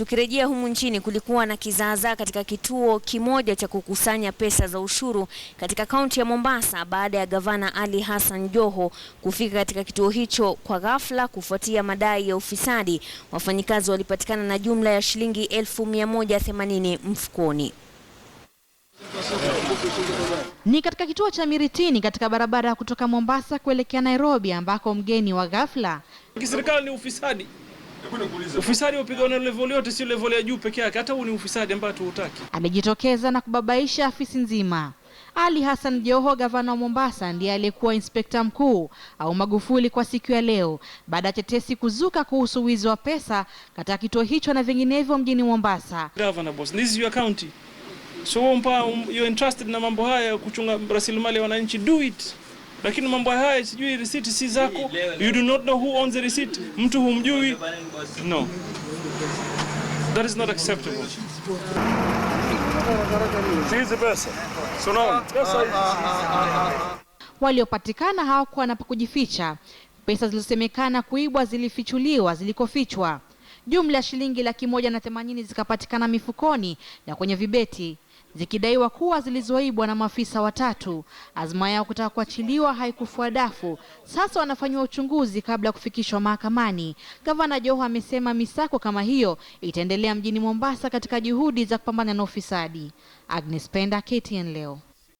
Tukirejea humu nchini, kulikuwa na kizaazaa katika kituo kimoja cha kukusanya pesa za ushuru katika kaunti ya Mombasa baada ya gavana Ali Hassan Joho kufika katika kituo hicho kwa ghafla kufuatia madai ya ufisadi. Wafanyikazi walipatikana na jumla ya shilingi elfu mia moja themanini mfukoni. Ni katika kituo cha Miritini katika barabara ya kutoka Mombasa kuelekea Nairobi ambako mgeni wa ghafla. Kiserikali ni ufisadi. Ufisadi wapigwa na level yote, sio level ya juu peke yake. Hata huu ni ufisadi ambao tuutaki. Amejitokeza na kubabaisha afisi nzima. Ali Hassan Joho, gavana wa Mombasa, ndiye aliyekuwa inspekta mkuu au Magufuli kwa siku ya leo baada ya tetesi kuzuka kuhusu wizi wa pesa katika kituo hicho na vinginevyo mjini Mombasa. Governor boss, this is your county. So, um, you entrusted na mambo haya kuchunga rasilimali ya wananchi, do it lakini mambo haya sijui receipt si zako, you do not know who owns the receipt, mtu humjui. No, that is not acceptable. Hizi pesa waliopatikana hawakuwa na pa kujificha. Pesa zilizosemekana kuibwa zilifichuliwa zilikofichwa. Jumla ya shilingi laki moja na themanini zikapatikana mifukoni na kwenye vibeti zikidaiwa kuwa zilizoibwa na maafisa watatu. Azma yao kutaka kuachiliwa haikufua dafu, sasa wanafanyiwa uchunguzi kabla ya kufikishwa mahakamani. Gavana Joho amesema misako kama hiyo itaendelea mjini Mombasa katika juhudi za kupambana na ufisadi. Agnes Penda, KTN leo.